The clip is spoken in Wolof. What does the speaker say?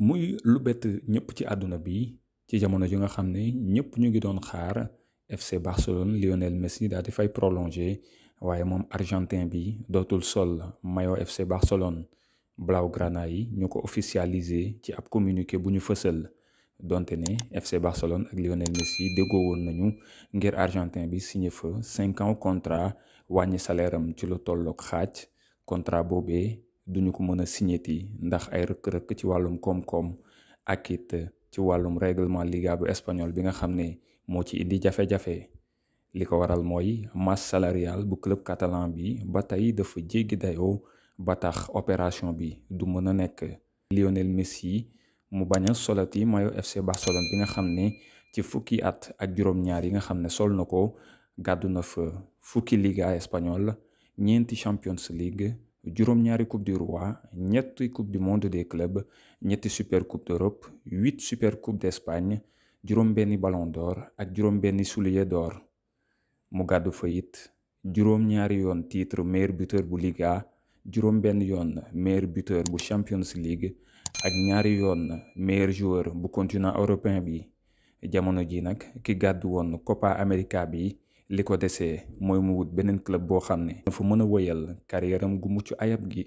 muy lu bett ñëpp ci àdduna bi ci jamono ji nga xam ne ñëpp ñu ngi doon xaar FC Barcelone Lionel Messi daal di fay prolongé waaye moom argentin bi dootul sol maillot FC Barcelone blaugrana yi ñu ko officialisé ci ab communiqué bu ñu fësal donte ne FC Barcelone ak Lionel Messi déggoo woon nañu ngir argentin bi signé fa cinq ans contrat wàññi saleeram ci lu tolloog xaaj contrat boobee duñu ko mën a signéti ndax ay rëkk-rëkk ci wàllum koom-koom ak it ci wàllum règlement liga bu espagnol bi nga xam ne moo ci indi jafe-jafe li ko waral mooy masse salariale bu club catalan bi ba tey dafa jéggi dayoo ba tax opération bi du mën a nekk Lionel Messi mu bañ a solati mayo FC Barcelone bi nga xam ne ci fukki at ak juróom-ñaar yi nga xam ne sol na ko gàddu na fa fukki liga espagnol ñeenti Champions League juróom-ñaari coupe du roi ñetti coupe du monde des clubs ñetti super coupe d'Europe huit super coupe d'Espagne juróom-benni ballon d'or ak juróom-benni soulier d'or mu gàddu fa it juróom-ñaari yoon titre meilleur buteur bu Liga juróom-benn yoon meilleur buteur bu Champions League ak ñaari yoon meilleur joueur bu continent européen bi jamono ji nag ki gàddu woon Copa America bi. li ko desee mooy mu wut beneen club boo xam ne dafa mën a wëyal carrière am gu mucc ayab gi